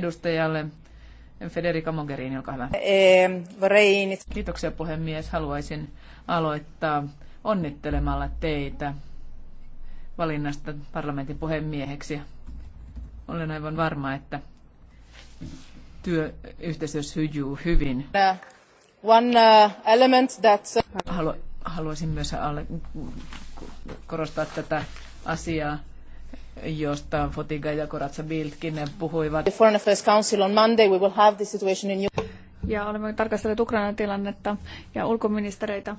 edustajalle. Federica Mogherini, olkaa hyvä. Eh, Kiitoksia puhemies. Haluaisin aloittaa onnittelemalla teitä valinnasta parlamentin puhemieheksi. Olen aivan varma, että työyhteisö sujuu hyvin. Eh, one eh, element that... Haluaisin myös korostaa tätä asiaa josta Fotiga ja Koratsa Bildtkin puhuivat. The Foreign Affairs Council on Monday we will have the situation in Ja olemme tarkastelleet Ukrainan tilannetta ja ulkoministereitä.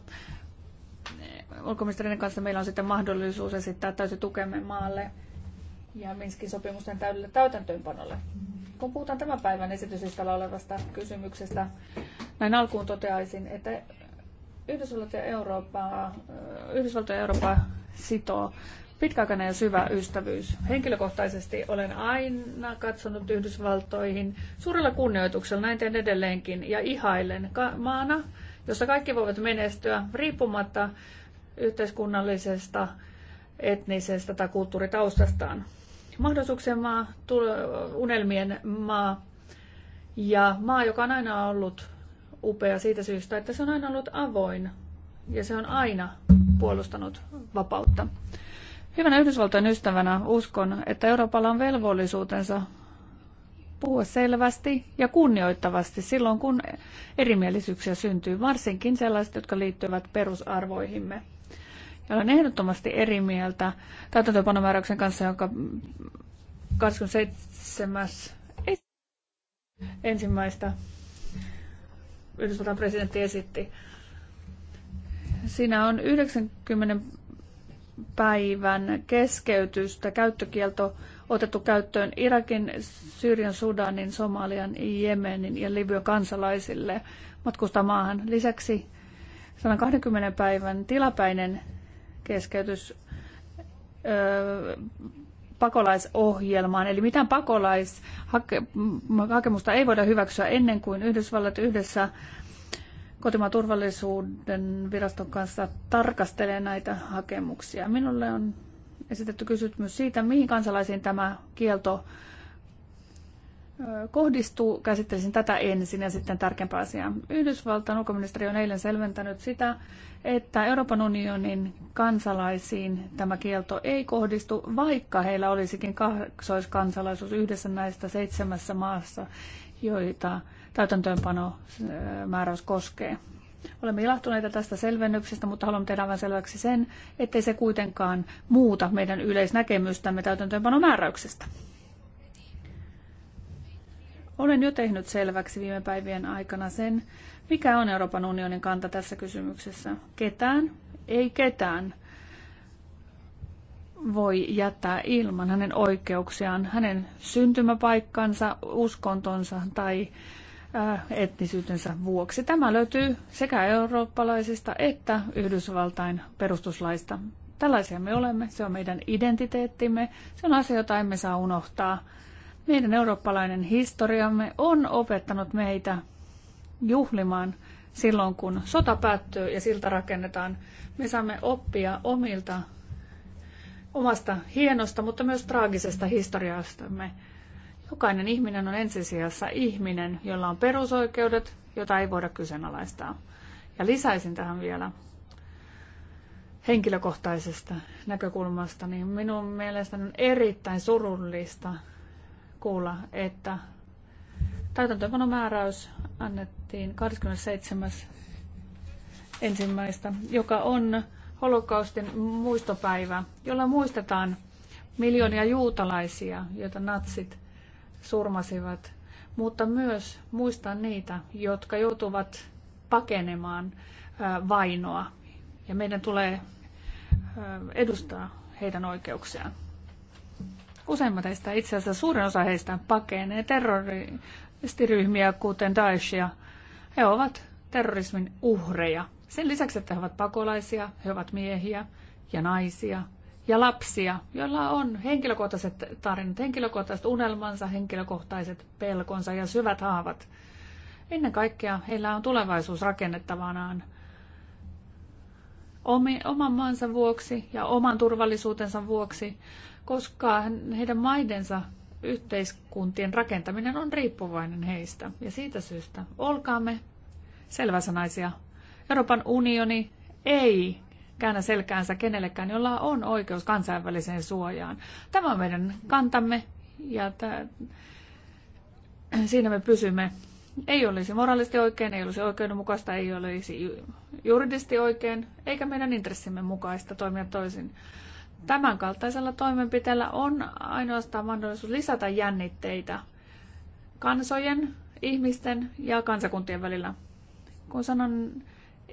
Ulkoministerien kanssa meillä on sitten mahdollisuus esittää täysi tukemme maalle ja Minskin sopimusten täydelle täytäntöönpanolle. Kun puhutaan tämän päivän esityslistalla olevasta kysymyksestä, näin alkuun toteaisin, että yhdysvaltoja Eurooppaa yhdysvaltoja Eurooppaa Eurooppa sitoo pitkäaikainen ja syvä ystävyys. Henkilökohtaisesti olen aina katsonut Yhdysvaltoihin suurella kunnioituksella, näin teen edelleenkin, ja ihailen maana, jossa kaikki voivat menestyä riippumatta yhteiskunnallisesta, etnisestä tai kulttuuritaustastaan. Mahdollisuuksien maa, unelmien maa ja maa, joka on aina ollut upea siitä syystä, että se on aina ollut avoin ja se on aina puolustanut vapautta. Hyvänä Yhdysvaltojen ystävänä uskon, että Euroopalla on velvollisuutensa puhua selvästi ja kunnioittavasti silloin, kun erimielisyyksiä syntyy, varsinkin sellaiset, jotka liittyvät perusarvoihimme. Ja olen ehdottomasti eri mieltä täytäntöpanomääräyksen kanssa, jonka 27. ensimmäistä Yhdysvaltain presidentti esitti. Siinä on 90 päivän keskeytystä käyttökielto otettu käyttöön Irakin, Syyrian, Sudanin, Somalian, Jemenin ja Libyan kansalaisille matkustaa maahan. Lisäksi 120 päivän tilapäinen keskeytys öö, pakolaisohjelmaan. Eli mitään pakolaishakemusta ei voida hyväksyä ennen kuin Yhdysvallat yhdessä kotimaan turvallisuuden viraston kanssa tarkastelee näitä hakemuksia. Minulle on esitetty kysymys siitä, mihin kansalaisiin tämä kielto kohdistuu. Käsittelisin tätä ensin ja sitten tärkeämpää asiaa. Yhdysvaltain ulkoministeri on eilen selventänyt sitä, että Euroopan unionin kansalaisiin tämä kielto ei kohdistu, vaikka heillä olisikin kaksoiskansalaisuus yhdessä näistä seitsemässä maassa, joita täytäntöönpano määräys koskee. Olemme ilahtuneita tästä selvennyksestä, mutta haluamme tehdä vain selväksi sen, ettei se kuitenkaan muuta meidän yleisnäkemystämme täytäntöönpanomääräyksestä. Olen jo tehnyt selväksi viime päivien aikana sen, mikä on Euroopan unionin kanta tässä kysymyksessä. Ketään, ei ketään voi jättää ilman hänen oikeuksiaan, hänen syntymäpaikkansa, uskontonsa tai Äh, etnisyytensä vuoksi. Tämä löytyy sekä eurooppalaisista että Yhdysvaltain perustuslaista. Tällaisia me olemme, se on meidän identiteettimme, se on asia, jota emme saa unohtaa. Meidän eurooppalainen historiamme on opettanut meitä juhlimaan silloin, kun sota päättyy ja siltä rakennetaan. Me saamme oppia omilta, omasta hienosta, mutta myös traagisesta historiastamme. Jokainen ihminen on ensisijassa ihminen, jolla on perusoikeudet, jota ei voida kyseenalaistaa. Ja lisäisin tähän vielä henkilökohtaisesta näkökulmasta, niin minun mielestäni on erittäin surullista kuulla, että täytäntöönpanomääräys annettiin 27. ensimmäistä, joka on holokaustin muistopäivä, jolla muistetaan miljoonia juutalaisia, joita natsit surmasivat, mutta myös muista niitä, jotka joutuvat pakenemaan vainoa. Ja meidän tulee edustaa heidän oikeuksiaan. Useimmat heistä, itse asiassa suurin osa heistä pakenee terroristiryhmiä, kuten Daeshia. He ovat terrorismin uhreja. Sen lisäksi, että he ovat pakolaisia, he ovat miehiä ja naisia, ja lapsia, joilla on henkilökohtaiset tarinat, henkilökohtaiset unelmansa, henkilökohtaiset pelkonsa ja syvät haavat. Ennen kaikkea heillä on tulevaisuus rakennettavanaan oman maansa vuoksi ja oman turvallisuutensa vuoksi, koska heidän maidensa yhteiskuntien rakentaminen on riippuvainen heistä. Ja siitä syystä olkaamme selväsanaisia. Euroopan unioni ei käännä selkäänsä kenellekään, jolla on oikeus kansainväliseen suojaan. Tämä on meidän kantamme ja tää, siinä me pysymme. Ei olisi moraalisti oikein, ei olisi oikeudenmukaista, ei olisi juridisesti oikein, eikä meidän intressimme mukaista toimia toisin. Tämän kaltaisella toimenpiteellä on ainoastaan mahdollisuus lisätä jännitteitä kansojen, ihmisten ja kansakuntien välillä. Kun sanon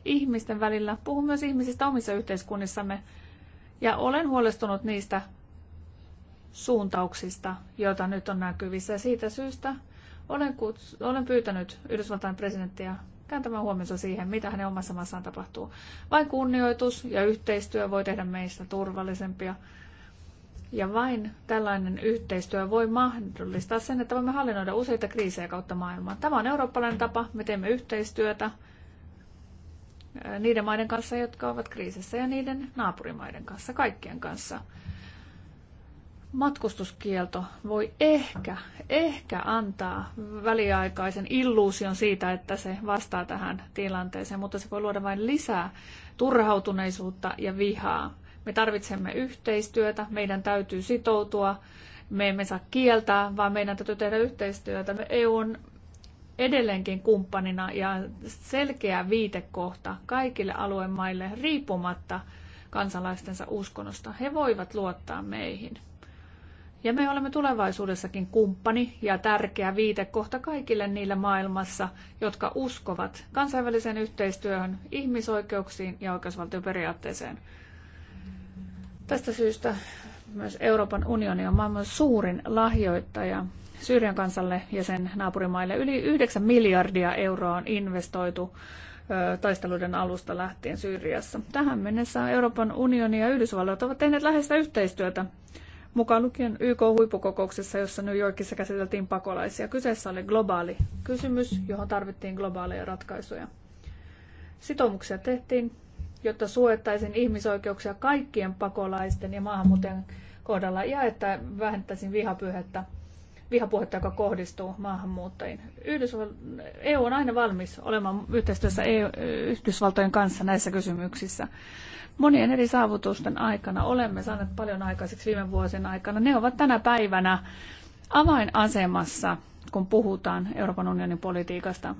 ihmisten välillä. Puhun myös ihmisistä omissa yhteiskunnissamme. Ja olen huolestunut niistä suuntauksista, joita nyt on näkyvissä. Ja siitä syystä olen, kuts- olen pyytänyt Yhdysvaltain presidenttiä kääntämään huomionsa siihen, mitä hänen omassa maassaan tapahtuu. Vain kunnioitus ja yhteistyö voi tehdä meistä turvallisempia. Ja vain tällainen yhteistyö voi mahdollistaa sen, että voimme hallinnoida useita kriisejä kautta maailmaa. Tämä on eurooppalainen tapa, me teemme yhteistyötä niiden maiden kanssa, jotka ovat kriisissä ja niiden naapurimaiden kanssa, kaikkien kanssa. Matkustuskielto voi ehkä, ehkä antaa väliaikaisen illuusion siitä, että se vastaa tähän tilanteeseen, mutta se voi luoda vain lisää turhautuneisuutta ja vihaa. Me tarvitsemme yhteistyötä, meidän täytyy sitoutua, me emme saa kieltää, vaan meidän täytyy tehdä yhteistyötä. EU e on edelleenkin kumppanina ja selkeä viitekohta kaikille alueen maille riippumatta kansalaistensa uskonnosta. He voivat luottaa meihin. Ja me olemme tulevaisuudessakin kumppani ja tärkeä viitekohta kaikille niille maailmassa, jotka uskovat kansainväliseen yhteistyöhön, ihmisoikeuksiin ja oikeusvaltioperiaatteeseen. Tästä syystä myös Euroopan unioni on maailman suurin lahjoittaja Syyrian kansalle ja sen naapurimaille. Yli 9 miljardia euroa on investoitu taisteluiden alusta lähtien Syyriassa. Tähän mennessä Euroopan unioni ja Yhdysvallat ovat tehneet läheistä yhteistyötä mukaan lukien YK-huippukokouksessa, jossa New Yorkissa käsiteltiin pakolaisia. Kyseessä oli globaali kysymys, johon tarvittiin globaaleja ratkaisuja. Sitoumuksia tehtiin, jotta suojattaisiin ihmisoikeuksia kaikkien pakolaisten ja maahanmuuttajien kohdalla ja että vähentäisiin vihapyhettä vihapuhetta, joka kohdistuu maahanmuuttajiin. Yhdysval- EU on aina valmis olemaan yhteistyössä EU- Yhdysvaltojen kanssa näissä kysymyksissä. Monien eri saavutusten aikana olemme saaneet paljon aikaiseksi viime vuosien aikana. Ne ovat tänä päivänä avainasemassa, kun puhutaan Euroopan unionin politiikasta.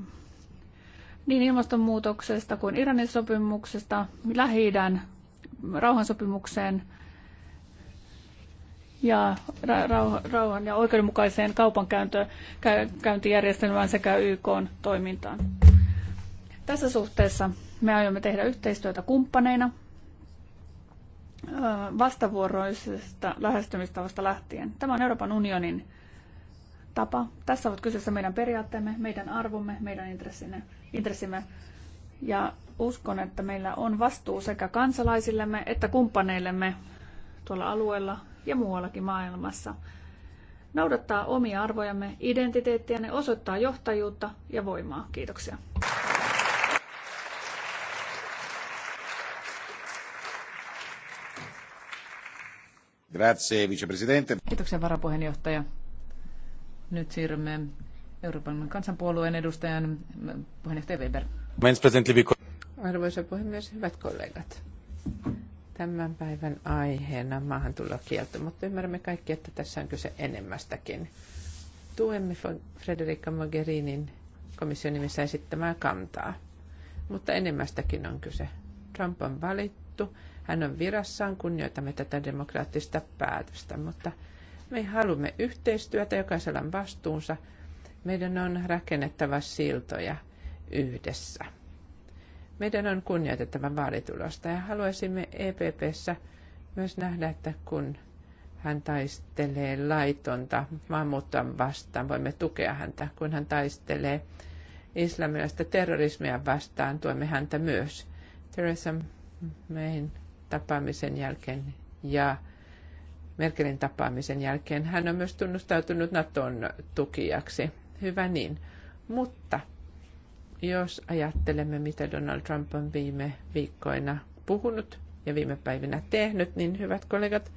Niin ilmastonmuutoksesta kuin Iranin sopimuksesta, Lähi-idän rauhansopimukseen – ja rauhan ja oikeudenmukaiseen kaupankäyntijärjestelmään sekä YK toimintaan. Tässä suhteessa me aiomme tehdä yhteistyötä kumppaneina vastavuoroisesta lähestymistavasta lähtien. Tämä on Euroopan unionin tapa. Tässä ovat kyseessä meidän periaatteemme, meidän arvomme, meidän intressimme. Ja uskon, että meillä on vastuu sekä kansalaisillemme että kumppaneillemme tuolla alueella ja muuallakin maailmassa. Noudattaa omia arvojamme, identiteettiä, ne osoittaa johtajuutta ja voimaa. Kiitoksia. Grazie, vicepresidente. Kiitoksia varapuheenjohtaja. Nyt siirrymme Euroopan kansanpuolueen edustajan puheenjohtaja Weber. Arvoisa puhemies, hyvät kollegat tämän päivän aiheena maahantulokielto, mutta ymmärrämme kaikki, että tässä on kyse enemmästäkin. Tuemme Frederica Mogherinin komission nimissä esittämää kantaa, mutta enemmästäkin on kyse. Trump on valittu, hän on virassaan, kunnioitamme tätä demokraattista päätöstä, mutta me haluamme yhteistyötä, jokaisella on vastuunsa. Meidän on rakennettava siltoja yhdessä meidän on kunnioitettava vaalitulosta ja haluaisimme EPPssä myös nähdä, että kun hän taistelee laitonta maanmuuttoa vastaan, voimme tukea häntä. Kun hän taistelee islamilaista terrorismia vastaan, tuemme häntä myös. Theresa Mayn tapaamisen jälkeen ja Merkelin tapaamisen jälkeen hän on myös tunnustautunut Naton tukijaksi. Hyvä niin. Mutta jos ajattelemme, mitä Donald Trump on viime viikkoina puhunut ja viime päivinä tehnyt, niin hyvät kollegat,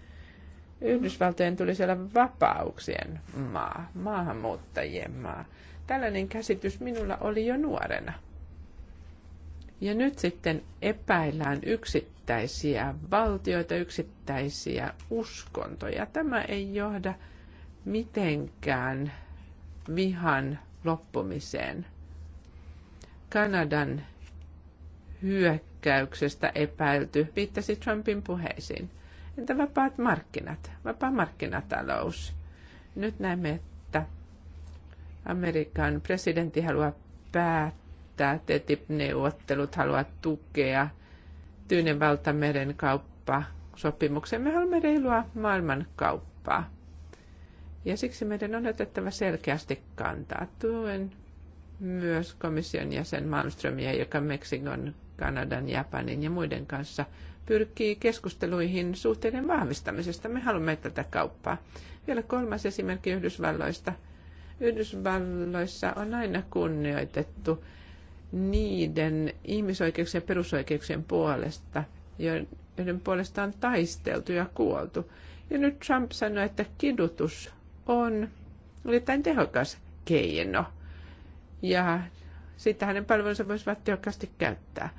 Yhdysvaltojen tulisi olla vapauksien maa, maahanmuuttajien maa. Tällainen käsitys minulla oli jo nuorena. Ja nyt sitten epäillään yksittäisiä valtioita, yksittäisiä uskontoja. Tämä ei johda mitenkään vihan loppumiseen. Kanadan hyökkäyksestä epäilty viittasi Trumpin puheisiin. Entä vapaat markkinat, vapaa markkinatalous? Nyt näemme, että Amerikan presidentti haluaa päättää TTIP-neuvottelut, haluaa tukea Tyynen valtameren kauppa sopimuksen. Me haluamme reilua maailmankauppaa. Ja siksi meidän on otettava selkeästi kantaa. Tuen myös komission jäsen Malmströmiä, joka Meksikon, Kanadan, Japanin ja muiden kanssa pyrkii keskusteluihin suhteiden vahvistamisesta. Me haluamme tätä kauppaa. Vielä kolmas esimerkki Yhdysvalloista. Yhdysvalloissa on aina kunnioitettu niiden ihmisoikeuksien ja perusoikeuksien puolesta, joiden puolesta on taisteltu ja kuoltu. Ja nyt Trump sanoi, että kidutus on erittäin tehokas keino – ja sitten hänen palvelunsa voisivat tehokkaasti käyttää.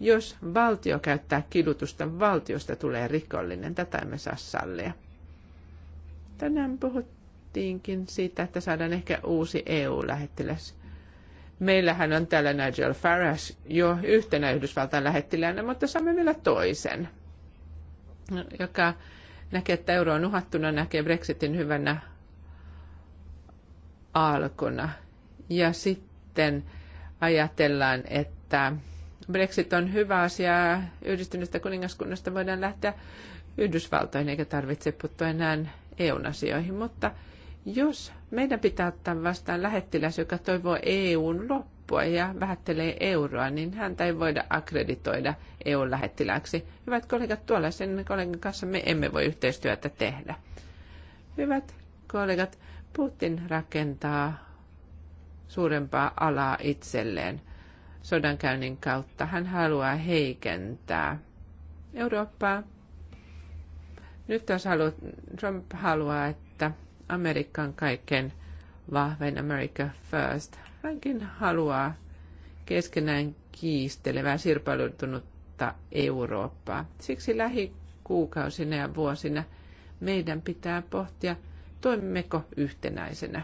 Jos valtio käyttää kidutusta, valtiosta tulee rikollinen. Tätä emme saa sallia. Tänään puhuttiinkin siitä, että saadaan ehkä uusi EU-lähettiläs. Meillähän on täällä Nigel Farage jo yhtenä Yhdysvaltain lähettiläänä, mutta saamme vielä toisen, joka näkee, että euro on uhattuna, näkee Brexitin hyvänä alkuna. Ja sitten sitten ajatellaan, että Brexit on hyvä asia, yhdistyneestä kuningaskunnasta voidaan lähteä Yhdysvaltoihin eikä tarvitse puuttua enää EUn asioihin, mutta jos meidän pitää ottaa vastaan lähettiläs, joka toivoo EUn loppua ja vähättelee euroa, niin häntä ei voida akkreditoida EUn lähettiläksi. Hyvät kollegat, tuolla sen kollegan kanssa me emme voi yhteistyötä tehdä. Hyvät kollegat, Putin rakentaa suurempaa alaa itselleen sodankäynnin kautta. Hän haluaa heikentää Eurooppaa. Nyt taas haluaa, Trump haluaa, että Amerikan kaiken vahvein America First. Hänkin haluaa keskenään kiistelevää sirpailutunutta Eurooppaa. Siksi lähikuukausina ja vuosina meidän pitää pohtia, toimimmeko yhtenäisenä.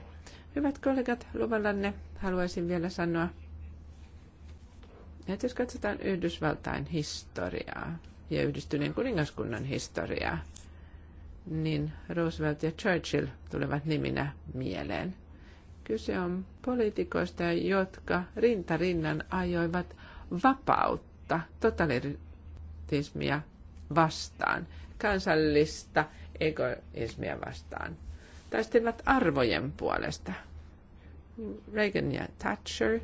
Hyvät kollegat, luvallanne haluaisin vielä sanoa, että jos katsotaan Yhdysvaltain historiaa ja yhdistyneen kuningaskunnan historiaa, niin Roosevelt ja Churchill tulevat niminä mieleen. Kyse on poliitikoista, jotka rintarinnan ajoivat vapautta, totalitismia vastaan, kansallista egoismia vastaan taistelivat arvojen puolesta. Reagan ja Thatcher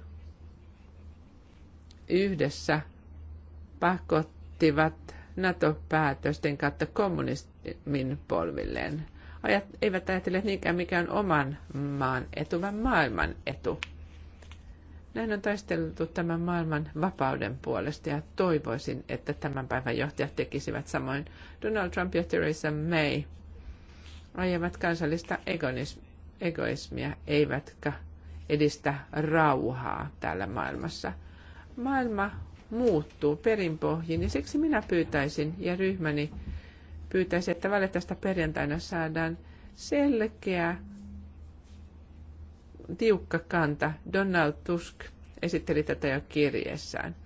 yhdessä pakottivat NATO-päätösten kautta kommunismin polvilleen. Ajat, eivät ajatelleet niinkään mikään oman maan etu, vaan maailman etu. Näin on taisteltu tämän maailman vapauden puolesta ja toivoisin, että tämän päivän johtajat tekisivät samoin. Donald Trump ja Theresa May – ajavat kansallista egoismia, eivätkä edistä rauhaa täällä maailmassa. Maailma muuttuu perinpohjin ja siksi minä pyytäisin ja ryhmäni pyytäisi, että valitettavasti perjantaina saadaan selkeä, tiukka kanta. Donald Tusk esitteli tätä jo kirjeessään.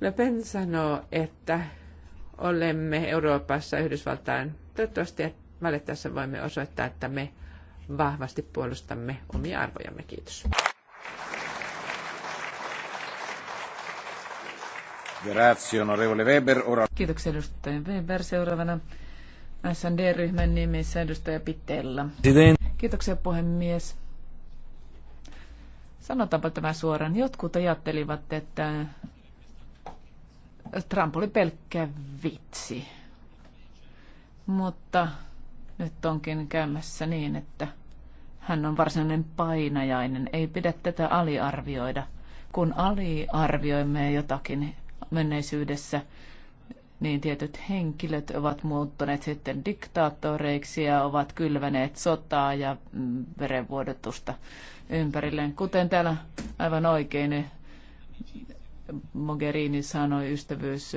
Le Pen sanoo, että olemme Euroopassa Yhdysvaltain. Toivottavasti valitettavasti voimme osoittaa, että me vahvasti puolustamme omia arvojamme. Kiitos. Kiitoksia edustaja Weber. Seuraavana SND-ryhmän nimissä edustaja Pitella. Kiitoksia puhemies. Sanotaanpa tämä suoraan. Jotkut ajattelivat, että Trump oli pelkkä vitsi. Mutta nyt onkin käymässä niin, että hän on varsinainen painajainen. Ei pidä tätä aliarvioida. Kun aliarvioimme jotakin menneisyydessä, niin tietyt henkilöt ovat muuttuneet sitten diktaattoreiksi ja ovat kylväneet sotaa ja mm, verenvuodotusta ympärilleen. Kuten täällä aivan oikein Mogherini sanoi, ystävyys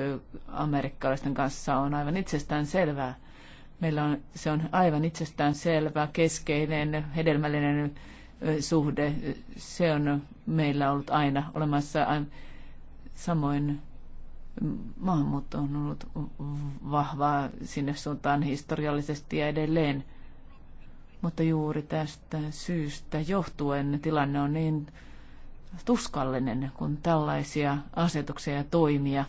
amerikkalaisten kanssa on aivan itsestään selvää. Meillä on, se on aivan itsestään selvä, keskeinen, hedelmällinen suhde. Se on meillä ollut aina olemassa. Samoin maahanmuutto on ollut vahvaa sinne suuntaan historiallisesti ja edelleen. Mutta juuri tästä syystä johtuen tilanne on niin tuskallinen, kun tällaisia asetuksia ja toimia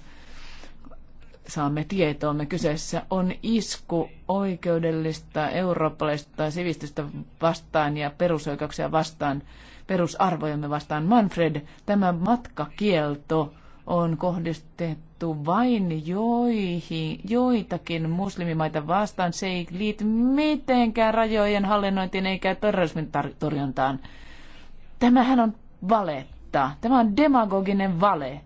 saamme tietoomme. Kyseessä on isku oikeudellista eurooppalaista sivistystä vastaan ja perusoikeuksia vastaan, perusarvojamme vastaan. Manfred, tämä matkakielto on kohdistettu vain joihin, joitakin muslimimaita vastaan. Se ei liity mitenkään rajojen hallinnointiin eikä terrorismin torjuntaan. Tämähän on vale totta. Tämä on demagoginen vale.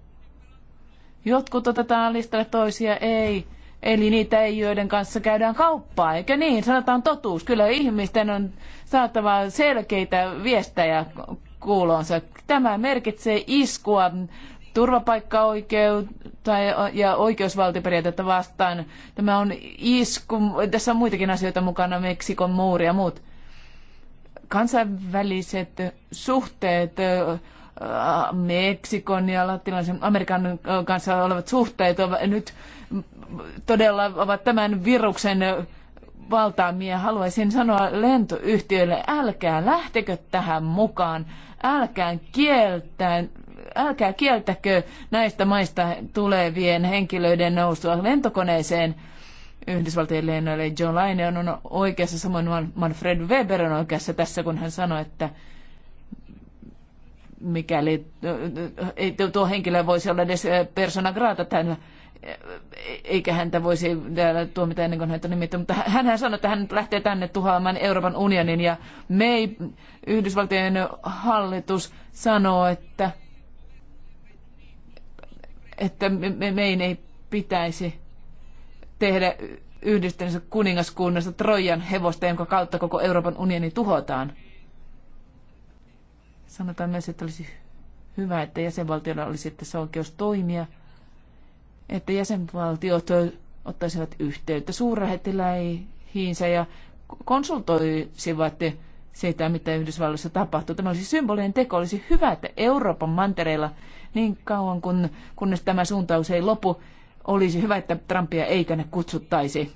Jotkut otetaan listalle, toisia ei. Eli niitä ei, joiden kanssa käydään kauppaa, eikö niin? Sanotaan totuus. Kyllä ihmisten on saatava selkeitä viestejä kuulonsa. Tämä merkitsee iskua turvapaikkaoikeutta ja oikeusvaltioperiaatetta vastaan. Tämä on isku, tässä on muitakin asioita mukana, Meksikon muuri ja muut. Kansainväliset suhteet Meksikon ja latinalaisen Amerikan äh, kanssa olevat suhteet ovat nyt todella ovat tämän viruksen valtaamia. Haluaisin sanoa lentoyhtiöille, älkää lähtekö tähän mukaan, älkää kieltää, älkää kieltäkö näistä maista tulevien henkilöiden nousua lentokoneeseen. Yhdysvaltojen lennoille John Laine on oikeassa, samoin Manfred Weber on oikeassa tässä, kun hän sanoi, että mikäli ei tuo henkilö voisi olla edes persona grata tämän, eikä häntä voisi täällä tuomita ennen kuin häntä nimittä, mutta hän sanoi, että hän lähtee tänne tuhoamaan Euroopan unionin ja me Yhdysvaltojen hallitus sanoo, että, että me, meidän ei pitäisi tehdä yhdistämisen kuningaskunnasta Trojan hevosta, jonka kautta koko Euroopan unioni tuhotaan. Sanotaan myös, että olisi hyvä, että jäsenvaltioilla olisi tässä oikeus toimia, että jäsenvaltiot ottaisivat yhteyttä suurrähettiläihinsä ja konsultoisivat siitä, mitä Yhdysvalloissa tapahtuu. Tämä olisi symbolinen teko. Olisi hyvä, että Euroopan mantereilla niin kauan, kun, kunnes tämä suuntaus ei lopu, olisi hyvä, että Trumpia ei tänne kutsuttaisi.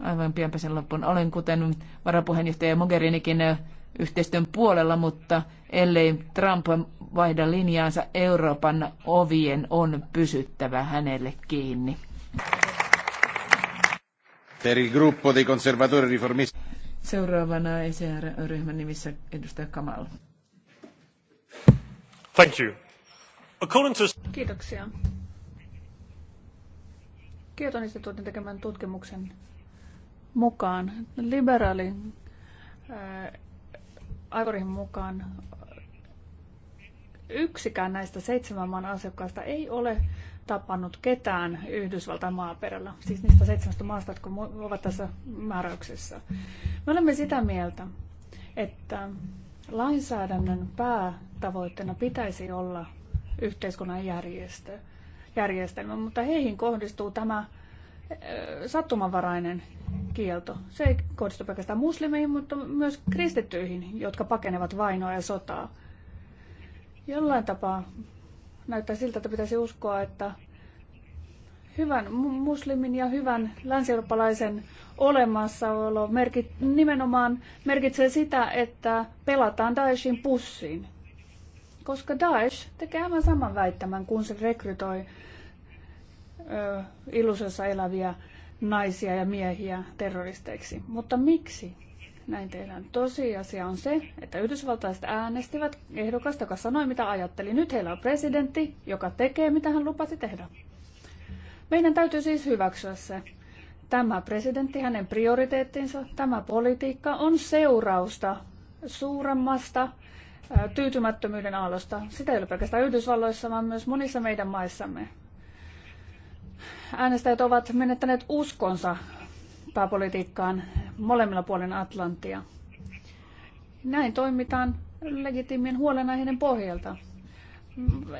Aivan pienpäisen loppuun. Olen, kuten varapuheenjohtaja Mogherinikin yhteistyön puolella, mutta ellei Trump vaihda linjaansa, Euroopan ovien on pysyttävä hänelle kiinni. gruppo dei conservatori riformisti. Seuraavana ECR-ryhmän nimissä edustaja Kamal. Thank you. According to... Kiitoksia. Kioton instituutin tekemän tutkimuksen mukaan liberaali Aivorin mukaan yksikään näistä seitsemän maan asiakkaista ei ole tapannut ketään Yhdysvaltain maaperällä, siis niistä seitsemästä maasta, jotka ovat tässä määräyksessä. Me olemme sitä mieltä, että lainsäädännön päätavoitteena pitäisi olla yhteiskunnan järjestö, järjestelmä, mutta heihin kohdistuu tämä sattumanvarainen kielto. Se ei kohdistu pelkästään muslimeihin, mutta myös kristittyihin, jotka pakenevat vainoa ja sotaa. Jollain tapaa näyttää siltä, että pitäisi uskoa, että hyvän muslimin ja hyvän länsi-eurooppalaisen olemassaolo merkit, nimenomaan merkitsee sitä, että pelataan Daeshin pussiin. Koska Daesh tekee aivan saman väittämän, kun se rekrytoi illuusiossa eläviä naisia ja miehiä terroristeiksi. Mutta miksi näin tehdään? Tosiasia on se, että yhdysvaltaiset äänestivät ehdokasta, joka sanoi mitä ajatteli. Nyt heillä on presidentti, joka tekee mitä hän lupasi tehdä. Meidän täytyy siis hyväksyä se. Tämä presidentti, hänen prioriteettinsa, tämä politiikka on seurausta suuremmasta tyytymättömyyden aallosta. Sitä ei ole pelkästään Yhdysvalloissa, vaan myös monissa meidän maissamme äänestäjät ovat menettäneet uskonsa pääpolitiikkaan molemmilla puolen Atlantia. Näin toimitaan legitiimien huolenaiheiden pohjalta.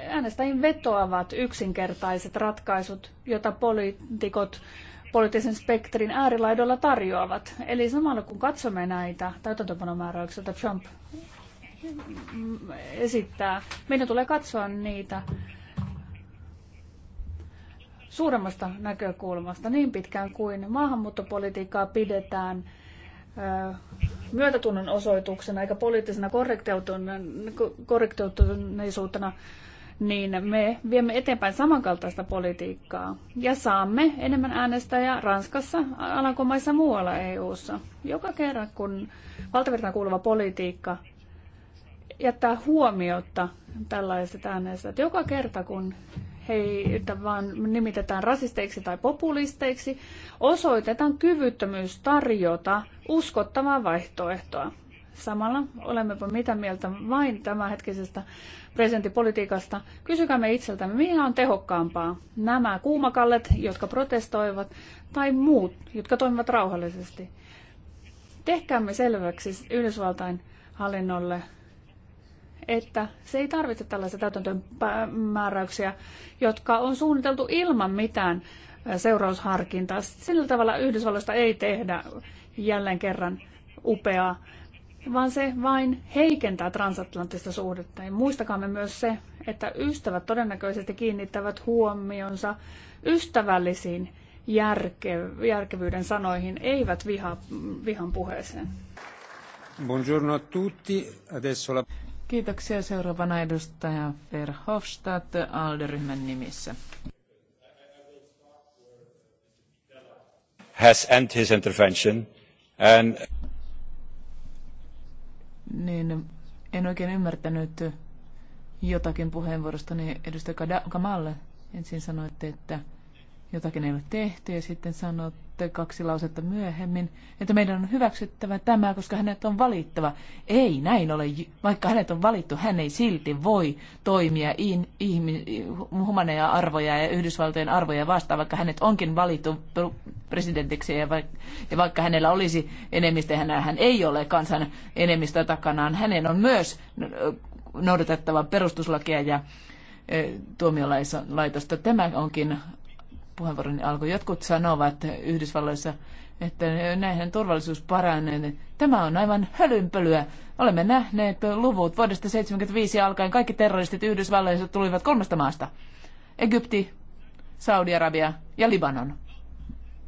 Äänestäjien vetoavat yksinkertaiset ratkaisut, joita poliitikot poliittisen spektrin äärilaidolla tarjoavat. Eli samalla kun katsomme näitä täytäntöpanomääräyksiä, joita Trump esittää, meidän tulee katsoa niitä suuremmasta näkökulmasta niin pitkään kuin maahanmuuttopolitiikkaa pidetään myötätunnon osoituksena eikä poliittisena korrektoituneisuutena, niin me viemme eteenpäin samankaltaista politiikkaa ja saamme enemmän äänestäjä Ranskassa, Alankomaissa ja muualla EU-ssa. Joka kerran, kun valtavirtaan kuuluva politiikka jättää huomiota tällaiset äänestäjät, joka kerta kun heitä vaan nimitetään rasisteiksi tai populisteiksi, osoitetaan kyvyttömyys tarjota uskottavaa vaihtoehtoa. Samalla olemmepa mitä mieltä vain tämänhetkisestä presidenttipolitiikasta. Kysykäämme itseltämme, mikä on tehokkaampaa, nämä kuumakallet, jotka protestoivat, tai muut, jotka toimivat rauhallisesti. Tehkäämme selväksi Yhdysvaltain hallinnolle että se ei tarvitse tällaisia määräyksiä, jotka on suunniteltu ilman mitään seurausharkintaa. Sillä tavalla Yhdysvalloista ei tehdä jälleen kerran upeaa, vaan se vain heikentää transatlanttista suhdetta. Ja muistakaamme myös se, että ystävät todennäköisesti kiinnittävät huomionsa ystävällisiin järke, järkevyyden sanoihin, eivät viha, vihan puheeseen. Buongiorno a tutti. Adesso la... Kiitoksia. Seuraavana edustaja Verhofstadt ALDE-ryhmän nimissä. Has end his intervention and... Niin, en oikein ymmärtänyt jotakin puheenvuorosta niin edustaja Kamalle. Ensin sanoitte, että jotakin ei ole tehty ja sitten sanotte kaksi lausetta myöhemmin, että meidän on hyväksyttävä tämä, koska hänet on valittava. Ei näin ole. Vaikka hänet on valittu, hän ei silti voi toimia in, ihmi, humaneja arvoja ja Yhdysvaltojen arvoja vastaan, vaikka hänet onkin valittu presidentiksi ja, vaikka, ja vaikka hänellä olisi enemmistö, hän, hän ei ole kansan enemmistö takanaan. Hänen on myös noudatettava perustuslakia ja tuomiolaitosta. Tämä onkin puheenvuoroni alkoi. Jotkut sanovat Yhdysvalloissa, että näinhän turvallisuus paranee. Tämä on aivan hölynpölyä. Olemme nähneet luvut vuodesta 1975 alkaen. Kaikki terroristit Yhdysvalloissa tulivat kolmesta maasta. Egypti, Saudi-Arabia ja Libanon.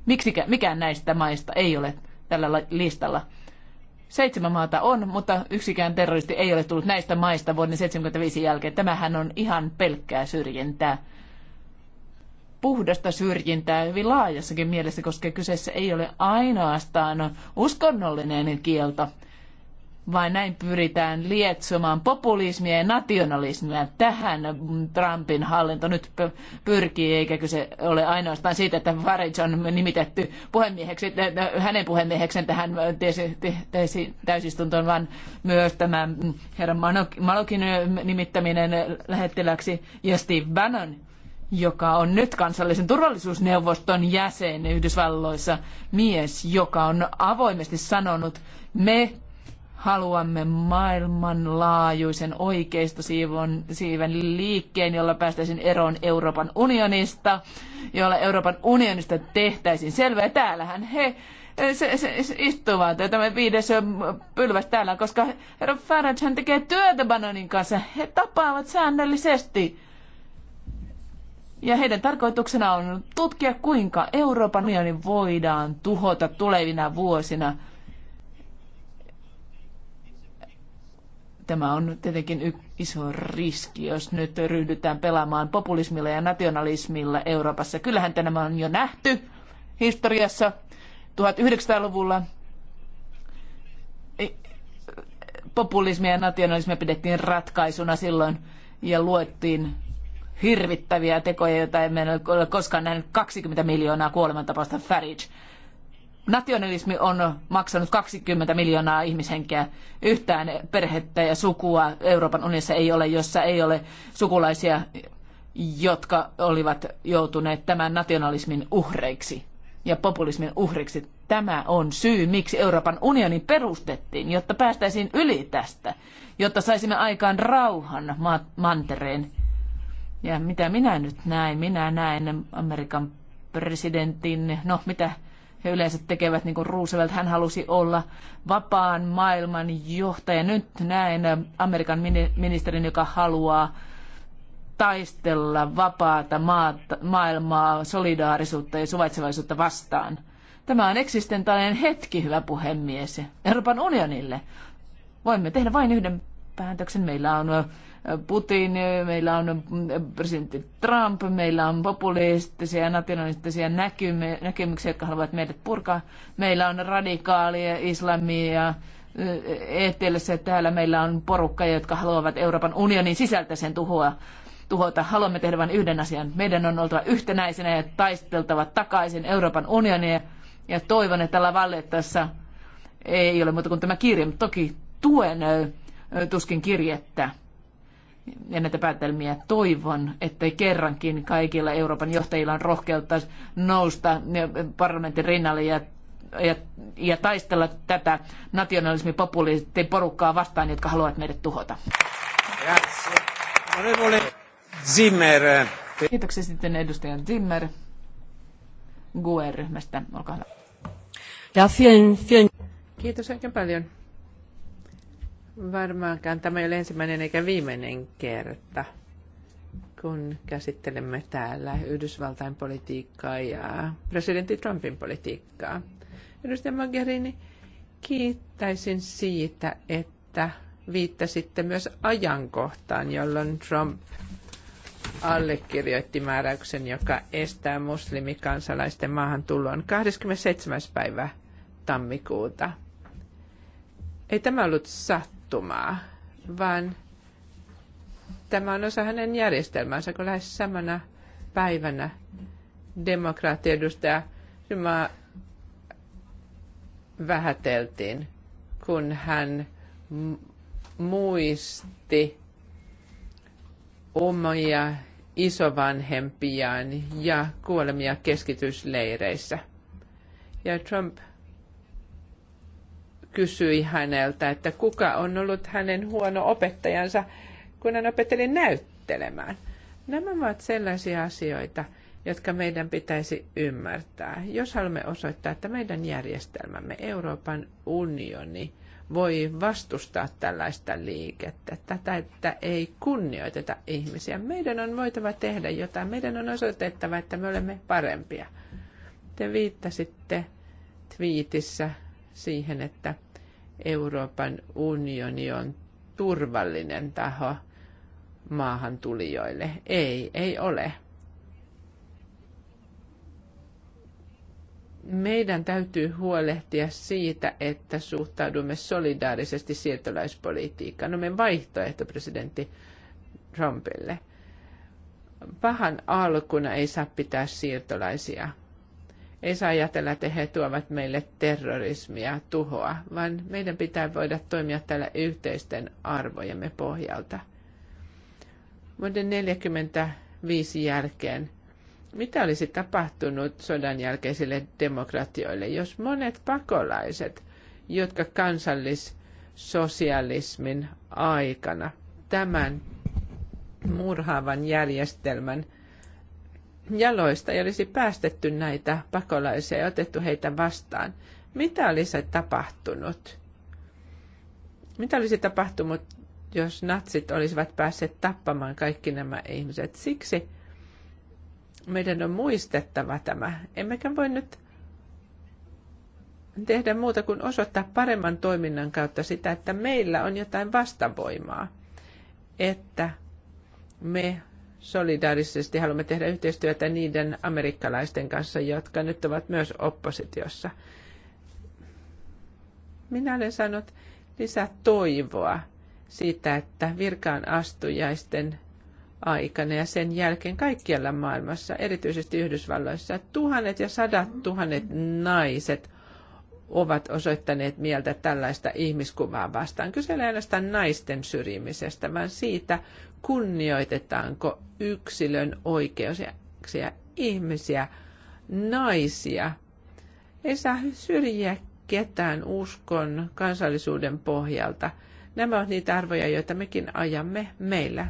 Miksi mikään näistä maista ei ole tällä listalla? Seitsemän maata on, mutta yksikään terroristi ei ole tullut näistä maista vuoden 1975 jälkeen. Tämähän on ihan pelkkää syrjintää puhdasta syrjintää hyvin laajassakin mielessä, koska kyseessä ei ole ainoastaan uskonnollinen kielto, vaan näin pyritään lietsomaan populismia ja nationalismia. Tähän Trumpin hallinto nyt pyrkii, eikä kyse ole ainoastaan siitä, että Farage on nimitetty puhemieheksi, hänen puhemieheksen tähän täysistuntoon, vaan myös tämä herra Malokin nimittäminen lähettiläksi ja Steve Bannon joka on nyt kansallisen turvallisuusneuvoston jäsen Yhdysvalloissa, mies, joka on avoimesti sanonut, me haluamme maailmanlaajuisen oikeistosiiven siiven liikkeen, jolla päästäisiin eroon Euroopan unionista, jolla Euroopan unionista tehtäisiin selvä. Täällähän he se, se, se istuvat, tämä viides pylväs täällä, koska herra Farage hän tekee työtä Bananin kanssa. He tapaavat säännöllisesti ja heidän tarkoituksena on tutkia, kuinka Euroopan unioni voidaan tuhota tulevina vuosina. Tämä on tietenkin iso riski, jos nyt ryhdytään pelaamaan populismilla ja nationalismilla Euroopassa. Kyllähän tämä on jo nähty historiassa 1900-luvulla. Populismia ja nationalismia pidettiin ratkaisuna silloin ja luettiin hirvittäviä tekoja, joita emme ole koskaan nähnyt. 20 miljoonaa kuolemantapausta Farage. Nationalismi on maksanut 20 miljoonaa ihmishenkeä. Yhtään perhettä ja sukua Euroopan unionissa ei ole, jossa ei ole sukulaisia, jotka olivat joutuneet tämän nationalismin uhreiksi ja populismin uhreiksi. Tämä on syy, miksi Euroopan unioni perustettiin, jotta päästäisiin yli tästä, jotta saisimme aikaan rauhan ma- mantereen ja mitä minä nyt näin, Minä näen Amerikan presidentin, no mitä he yleensä tekevät, niin kuin Roosevelt, hän halusi olla vapaan maailman johtaja. Nyt näen Amerikan ministerin, joka haluaa taistella vapaata maata, maailmaa, solidaarisuutta ja suvaitsevaisuutta vastaan. Tämä on eksistentaalinen hetki, hyvä puhemies, Euroopan unionille. Voimme tehdä vain yhden päätöksen. Meillä on Putin, meillä on presidentti Trump, meillä on populistisia ja nationalistisia näkemyksiä, jotka haluavat meidät purkaa. Meillä on radikaalia islamia eh, etelässä täällä meillä on porukka, jotka haluavat Euroopan unionin sisältä sen tuhoa tuhota. Haluamme tehdä vain yhden asian. Meidän on oltava yhtenäisenä ja taisteltava takaisin Euroopan unionia. Ja toivon, että tällä vallettassa ei ole muuta kuin tämä kirje, mutta toki tuen eh, tuskin kirjettä ja näitä päätelmiä. Toivon, että kerrankin kaikilla Euroopan johtajilla on rohkeutta nousta parlamentin rinnalle ja, ja, ja taistella tätä nationalismipopulistin porukkaa vastaan, jotka haluavat meidät tuhota. Zimmer. Kiitoksia sitten edustajan Zimmer GUE-ryhmästä. Olkaa hyvä. Ja vielen, vielen. Kiitos oikein paljon. Varmaankaan tämä ei ole ensimmäinen eikä viimeinen kerta, kun käsittelemme täällä Yhdysvaltain politiikkaa ja presidentti Trumpin politiikkaa. Edustaja Mogherini, kiittäisin siitä, että viittasitte myös ajankohtaan, jolloin Trump allekirjoitti määräyksen, joka estää muslimikansalaisten maahantulon 27. päivä tammikuuta. Ei tämä ollut sattu sattumaa, vaan tämä on osa hänen järjestelmäänsä, kun lähes samana päivänä demokraattiedustaja Rymaa vähäteltiin, kun hän muisti omia isovanhempiaan ja kuolemia keskitysleireissä. Ja Trump kysyi häneltä, että kuka on ollut hänen huono opettajansa, kun hän opetteli näyttelemään. Nämä ovat sellaisia asioita, jotka meidän pitäisi ymmärtää, jos haluamme osoittaa, että meidän järjestelmämme Euroopan unioni voi vastustaa tällaista liikettä, tätä, että ei kunnioiteta ihmisiä. Meidän on voitava tehdä jotain, meidän on osoitettava, että me olemme parempia. Te viittasitte twiitissä siihen, että Euroopan unioni on turvallinen taho maahantulijoille. Ei, ei ole. Meidän täytyy huolehtia siitä, että suhtaudumme solidaarisesti siirtolaispolitiikkaan. No me vaihtoehto presidentti Trumpille. Pahan alkuna ei saa pitää siirtolaisia ei saa ajatella, että he tuovat meille terrorismia, tuhoa, vaan meidän pitää voida toimia täällä yhteisten arvojemme pohjalta. Vuoden 1945 jälkeen, mitä olisi tapahtunut sodan jälkeisille demokratioille, jos monet pakolaiset, jotka kansallissosialismin aikana tämän murhaavan järjestelmän – jaloista ei olisi päästetty näitä pakolaisia ja otettu heitä vastaan, mitä olisi tapahtunut? Mitä olisi tapahtunut, jos natsit olisivat päässeet tappamaan kaikki nämä ihmiset? Siksi meidän on muistettava tämä. Emmekä voi nyt tehdä muuta kuin osoittaa paremman toiminnan kautta sitä, että meillä on jotain vastavoimaa, että me solidaarisesti haluamme tehdä yhteistyötä niiden amerikkalaisten kanssa, jotka nyt ovat myös oppositiossa. Minä olen saanut lisää toivoa siitä, että virkaan astujaisten aikana ja sen jälkeen kaikkialla maailmassa, erityisesti Yhdysvalloissa, tuhannet ja sadat tuhannet naiset ovat osoittaneet mieltä tällaista ihmiskuvaa vastaan. Kyse ei ainoastaan naisten syrjimisestä, vaan siitä, kunnioitetaanko yksilön oikeuksia, ihmisiä, naisia. Ei saa syrjiä ketään uskon kansallisuuden pohjalta. Nämä ovat niitä arvoja, joita mekin ajamme meillä.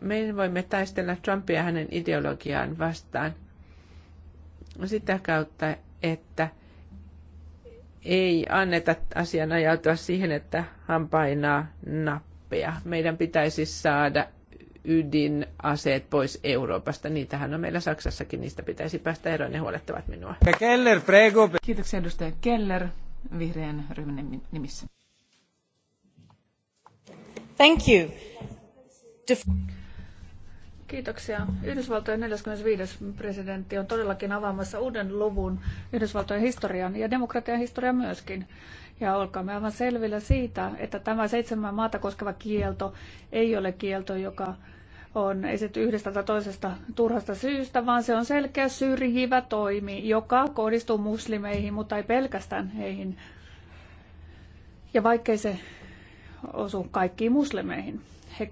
Me voimme taistella Trumpia hänen ideologiaan vastaan sitä kautta, että ei anneta asian ajautua siihen, että hän painaa kauppeja. Meidän pitäisi saada ydinaseet pois Euroopasta. Niitähän on meillä Saksassakin, niistä pitäisi päästä eroon, ne huolettavat minua. Keller, prego. Kiitoksia edustaja Keller, vihreän ryhmän nimissä. Thank you. Kiitoksia. Yhdysvaltojen 45. presidentti on todellakin avaamassa uuden luvun Yhdysvaltojen historian ja demokratian historian myöskin. Ja olkaamme aivan selvillä siitä, että tämä seitsemän maata koskeva kielto ei ole kielto, joka on esitetty yhdestä tai toisesta turhasta syystä, vaan se on selkeä syrjivä toimi, joka kohdistuu muslimeihin, mutta ei pelkästään heihin. Ja vaikkei se osu kaikkiin muslimeihin he,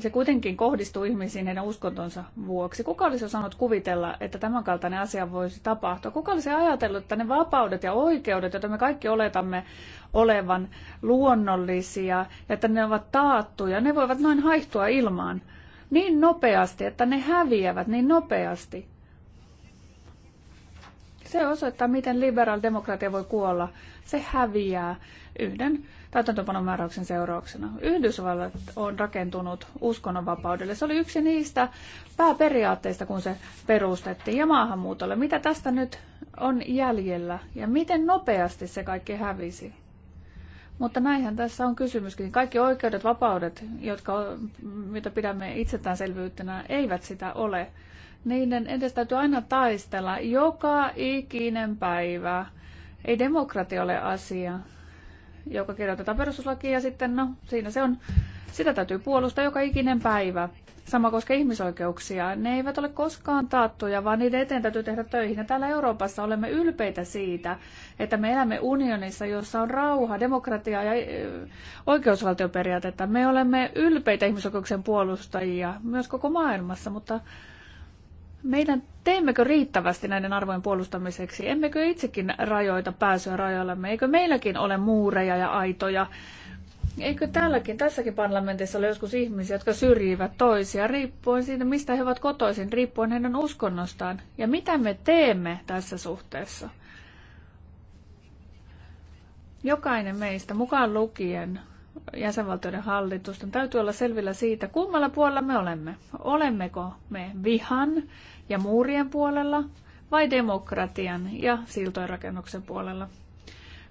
se kuitenkin kohdistuu ihmisiin heidän uskontonsa vuoksi. Kuka olisi osannut kuvitella, että tämänkaltainen asia voisi tapahtua? Kuka olisi ajatellut, että ne vapaudet ja oikeudet, joita me kaikki oletamme olevan luonnollisia, että ne ovat taattuja, ne voivat noin haihtua ilmaan niin nopeasti, että ne häviävät niin nopeasti. Se osoittaa, miten liberaalidemokratia voi kuolla. Se häviää yhden täytäntöpanon määräyksen seurauksena. Yhdysvallat on rakentunut uskonnonvapaudelle. Se oli yksi niistä pääperiaatteista, kun se perustettiin ja maahanmuutolle. Mitä tästä nyt on jäljellä ja miten nopeasti se kaikki hävisi? Mutta näinhän tässä on kysymyskin. Kaikki oikeudet, vapaudet, jotka, mitä pidämme itsestäänselvyytenä, eivät sitä ole. Niiden edes täytyy aina taistella joka ikinen päivä. Ei demokratia ole asia, joka kirjoitetaan perustuslakiin ja sitten no, siinä se on. Sitä täytyy puolustaa joka ikinen päivä. Sama koskee ihmisoikeuksia. Ne eivät ole koskaan taattuja, vaan niiden eteen täytyy tehdä töihin. Ja täällä Euroopassa olemme ylpeitä siitä, että me elämme unionissa, jossa on rauha, demokratia ja eh, oikeusvaltioperiaatetta. Me olemme ylpeitä ihmisoikeuksien puolustajia myös koko maailmassa, mutta meidän teemmekö riittävästi näiden arvojen puolustamiseksi? Emmekö itsekin rajoita pääsyä rajoillamme? Eikö meilläkin ole muureja ja aitoja? Eikö tälläkin, tässäkin parlamentissa ole joskus ihmisiä, jotka syrjivät toisia riippuen siitä, mistä he ovat kotoisin, riippuen heidän uskonnostaan? Ja mitä me teemme tässä suhteessa? Jokainen meistä, mukaan lukien jäsenvaltioiden hallitusten, täytyy olla selvillä siitä, kummalla puolella me olemme. Olemmeko me vihan, ja muurien puolella vai demokratian ja siltojen rakennuksen puolella?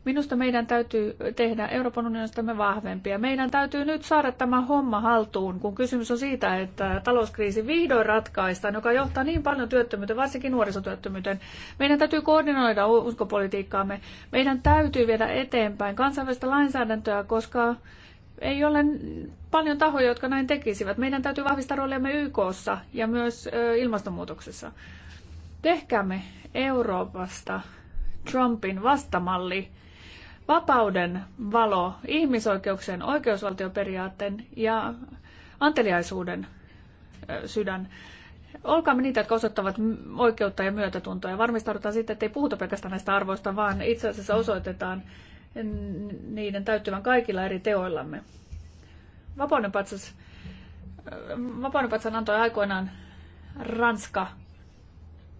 Minusta meidän täytyy tehdä Euroopan unionistamme vahvempia. Meidän täytyy nyt saada tämä homma haltuun, kun kysymys on siitä, että talouskriisi vihdoin ratkaistaan, joka johtaa niin paljon työttömyyteen, varsinkin nuorisotyöttömyyteen. Meidän täytyy koordinoida ulkopolitiikkaamme. Meidän täytyy viedä eteenpäin kansainvälistä lainsäädäntöä, koska ei ole paljon tahoja, jotka näin tekisivät. Meidän täytyy vahvistaa rooliamme YKssa ja myös ilmastonmuutoksessa. Tehkäämme Euroopasta Trumpin vastamalli vapauden valo, ihmisoikeuksien, oikeusvaltioperiaatteen ja anteliaisuuden sydän. Olkaamme niitä, jotka osoittavat oikeutta ja myötätuntoa ja varmistaudutaan siitä, että ei puhuta pelkästään näistä arvoista, vaan itse asiassa osoitetaan, niiden täyttyvän kaikilla eri teoillamme. Vapaudenpatsas, antoi aikoinaan Ranska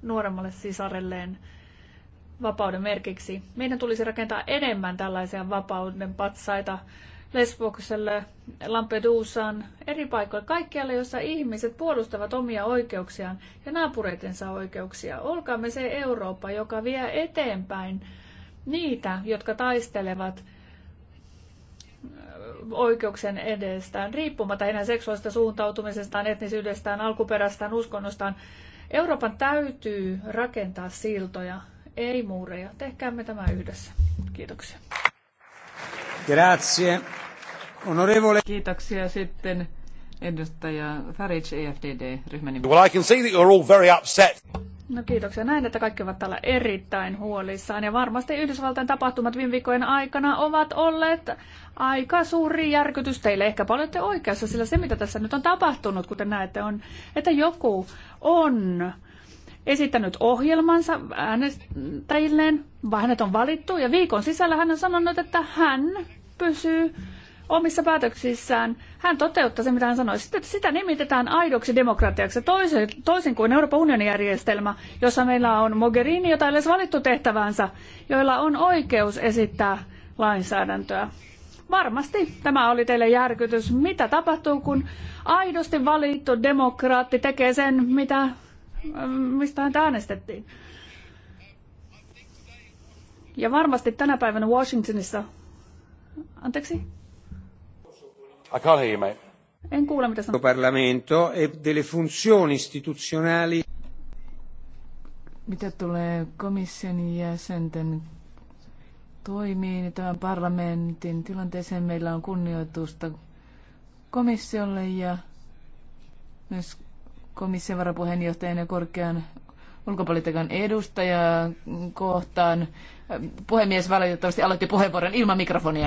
nuoremmalle sisarelleen vapauden merkiksi. Meidän tulisi rakentaa enemmän tällaisia vapaudenpatsaita. Lesbokselle, Lampedusaan, eri paikoille, kaikkialle, jossa ihmiset puolustavat omia oikeuksiaan ja naapureitensa oikeuksia. Olkaamme se Eurooppa, joka vie eteenpäin niitä, jotka taistelevat äh, oikeuksien edestään, riippumatta enää seksuaalista suuntautumisestaan, etnisyydestään, alkuperästään, uskonnostaan. Euroopan täytyy rakentaa siltoja, ei muureja. Tehkäämme tämä yhdessä. Kiitoksia. Grazie. Onorevole. Kiitoksia sitten Edustaja Farage, EFDD-ryhmän nimi. Well, I can see that you're all very upset. No kiitoksia. Näin, että kaikki ovat täällä erittäin huolissaan. Ja varmasti Yhdysvaltain tapahtumat viime viikkojen aikana ovat olleet aika suuri järkytys teille. Ehkä olette oikeassa, sillä se mitä tässä nyt on tapahtunut, kuten näette, on, että joku on esittänyt ohjelmansa äänestäjilleen, vaan hänet on valittu. Ja viikon sisällä hän on sanonut, että hän pysyy omissa päätöksissään hän toteuttaa se, mitä hän sanoi. Sitä, sitä nimitetään aidoksi demokratiaksi, toisin, toisin kuin Euroopan unionin järjestelmä, jossa meillä on Mogherini, jota ei edes valittu tehtävänsä, joilla on oikeus esittää lainsäädäntöä. Varmasti tämä oli teille järkytys. Mitä tapahtuu, kun aidosti valittu demokraatti tekee sen, mitä, mistä häntä äänestettiin? Ja varmasti tänä päivänä Washingtonissa... Anteeksi? I can't hear you, mate. En kuule, mitä sanoo. Parlamento e delle funzioni istituzionali. Mitä tulee komission jäsenten toimiin niin tämän parlamentin tilanteeseen, meillä on kunnioitusta komissiolle ja myös komission varapuheenjohtajan ja korkean ulkopolitiikan edustajaa kohtaan. Puhemies valitettavasti aloitti puheenvuoron ilman mikrofonia.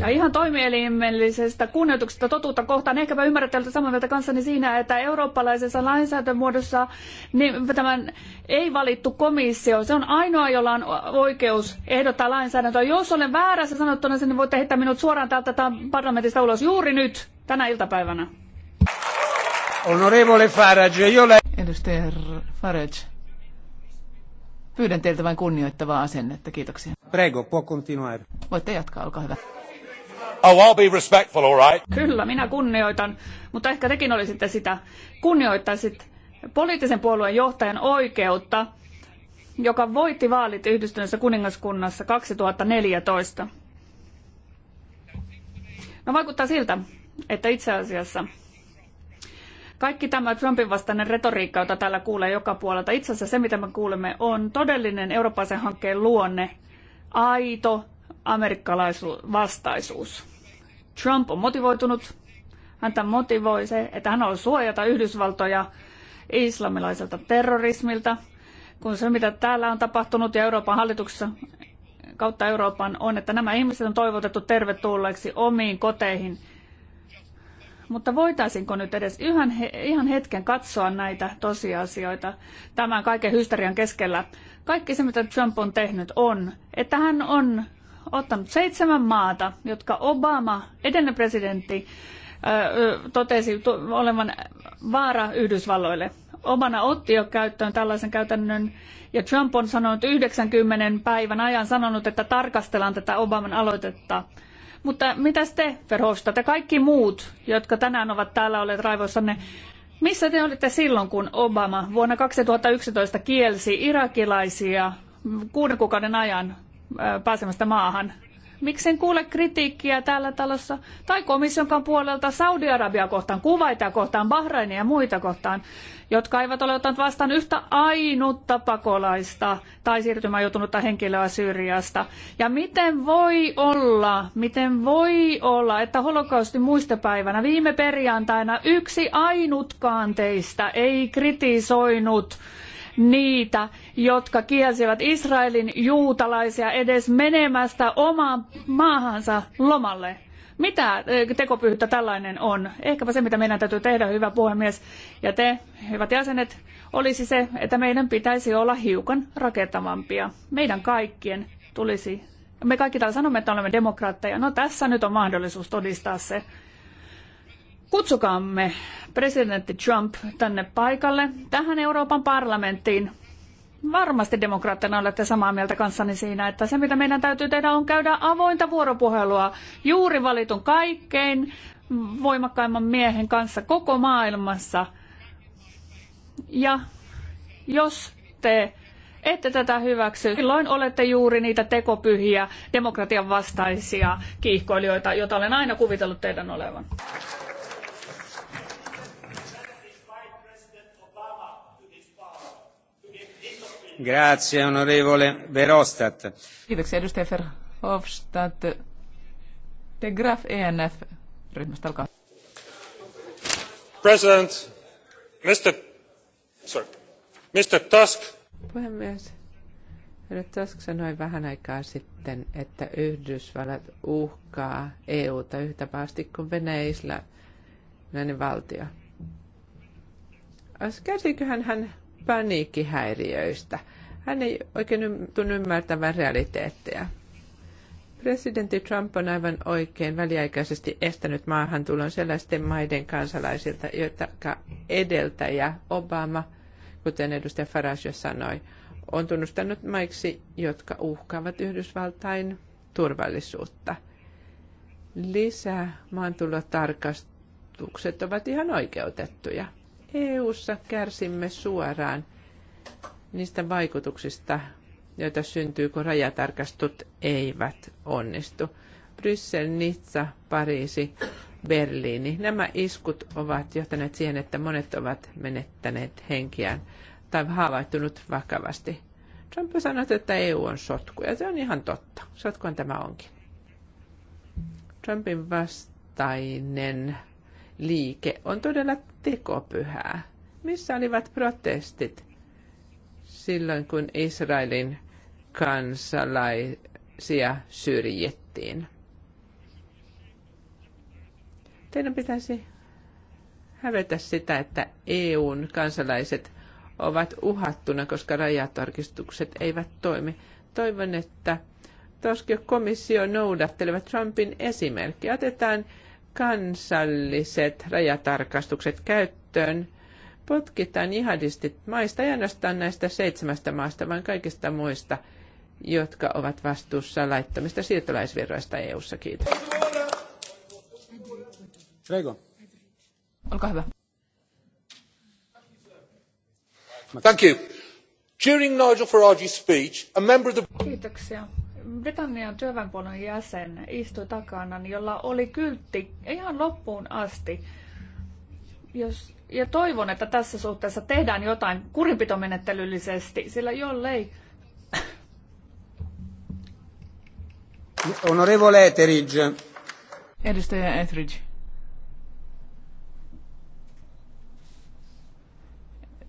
Ja ihan toimielimellisestä kunnioituksesta totuutta kohtaan. Ehkäpä ymmärrätte samaa mieltä kanssani siinä, että eurooppalaisessa lainsäädäntömuodossa niin tämän ei valittu komissio. Se on ainoa, jolla on oikeus ehdottaa lainsäädäntöä. Jos olen väärässä sanottuna, niin voitte heittää minut suoraan täältä parlamentista ulos juuri nyt, tänä iltapäivänä. Onorevole Farage, io la... Edustaja Farage, Pyydän teiltä vain kunnioittavaa asennetta. Kiitoksia. Prego, può continuare. Voitte jatkaa, olkaa hyvä. Oh, I'll be respectful, all right. Kyllä, minä kunnioitan, mutta ehkä tekin olisitte sitä. Kunnioittaisit poliittisen puolueen johtajan oikeutta, joka voitti vaalit yhdistyneessä kuningaskunnassa 2014. No vaikuttaa siltä, että itse asiassa kaikki tämä Trumpin vastainen retoriikka, jota täällä kuulee joka puolelta, itse asiassa se, mitä me kuulemme, on todellinen eurooppalaisen hankkeen luonne, aito amerikkalaisvastaisuus. Trump on motivoitunut, häntä motivoi se, että hän on suojata Yhdysvaltoja islamilaiselta terrorismilta, kun se mitä täällä on tapahtunut ja Euroopan hallituksessa kautta Euroopan on, että nämä ihmiset on toivotettu tervetulleeksi omiin koteihin – mutta voitaisinko nyt edes ihan, ihan hetken katsoa näitä tosiasioita tämän kaiken hysterian keskellä? Kaikki se, mitä Trump on tehnyt, on, että hän on ottanut seitsemän maata, jotka Obama, edellinen presidentti, totesi olevan vaara Yhdysvalloille. Obama otti jo käyttöön tällaisen käytännön ja Trump on sanonut 90 päivän ajan sanonut, että tarkastellaan tätä Obaman aloitetta. Mutta mitä te, Verhofstadt, ja kaikki muut, jotka tänään ovat täällä olleet raivoissanne, missä te olitte silloin, kun Obama vuonna 2011 kielsi irakilaisia kuuden kuukauden ajan pääsemästä maahan? Miksi en kuule kritiikkiä täällä talossa tai komissionkaan puolelta Saudi-Arabia kohtaan, Kuwaitia kohtaan, Bahrainia ja muita kohtaan? jotka eivät ole ottaneet vastaan yhtä ainutta pakolaista tai siirtymään joutunutta henkilöä Syyriasta. Ja miten voi olla, miten voi olla, että holokaustin muistopäivänä viime perjantaina yksi ainutkaan teistä ei kritisoinut niitä, jotka kielsivät Israelin juutalaisia edes menemästä omaan maahansa lomalle. Mitä tekopyhyyttä tällainen on? Ehkäpä se, mitä meidän täytyy tehdä, hyvä puhemies, ja te, hyvät jäsenet, olisi se, että meidän pitäisi olla hiukan rakentavampia. Meidän kaikkien tulisi, me kaikki täällä sanomme, että olemme demokraatteja. No tässä nyt on mahdollisuus todistaa se. Kutsukaamme presidentti Trump tänne paikalle, tähän Euroopan parlamenttiin, varmasti demokraattina olette samaa mieltä kanssani siinä, että se mitä meidän täytyy tehdä on käydä avointa vuoropuhelua juuri valitun kaikkein voimakkaimman miehen kanssa koko maailmassa. Ja jos te ette tätä hyväksy, silloin olette juuri niitä tekopyhiä demokratian vastaisia kiihkoilijoita, joita olen aina kuvitellut teidän olevan. Kiitoksia, edustaja Verhofstadt. De Graf ENF-ryhmästä, alkaa. President, Mr. Mr. Tusk. Puhemies, Nyt Tusk sanoi vähän aikaa sitten, että Yhdysvallat uhkaa EUta yhtä pahasti kuin Venäjä islamilainen valtio. Kärsiköhän hän paniikkihäiriöistä. Hän ei oikein tunnu ymmärtävän realiteetteja. Presidentti Trump on aivan oikein väliaikaisesti estänyt maahantulon sellaisten maiden kansalaisilta, joita edeltäjä Obama, kuten edustaja Farage jo sanoi, on tunnustanut maiksi, jotka uhkaavat Yhdysvaltain turvallisuutta. Lisää maantulotarkastukset ovat ihan oikeutettuja. EU:ssa kärsimme suoraan niistä vaikutuksista, joita syntyy, kun rajatarkastut eivät onnistu. Bryssel, Nizza, Pariisi, Berliini. Nämä iskut ovat johtaneet siihen, että monet ovat menettäneet henkiään tai haavoittunut vakavasti. Trump sanoi, että EU on sotku, ja se on ihan totta. Sotkuhan tämä onkin. Trumpin vastainen liike on todella tekopyhää. Missä olivat protestit silloin, kun Israelin kansalaisia syrjittiin? Teidän pitäisi hävetä sitä, että EUn kansalaiset ovat uhattuna, koska rajatarkistukset eivät toimi. Toivon, että Toskio komissio noudattelevat Trumpin esimerkkiä. Otetaan kansalliset rajatarkastukset käyttöön, potkitaan jihadistit maista, ja ainoastaan näistä seitsemästä maasta, vaan kaikista muista, jotka ovat vastuussa laittomista siirtolaisvirroista EU-ssa. Kiitos. Prego. Olkaa hyvä. Thank you. During Nigel Farage's speech, a member of the... Kiitoksia Britannian työväenpuolen jäsen istui takana, niin jolla oli kyltti ihan loppuun asti. Jos, ja toivon, että tässä suhteessa tehdään jotain kurinpitomenettelyllisesti, sillä jollei... Honorevole Etheridge. Edustaja Etheridge.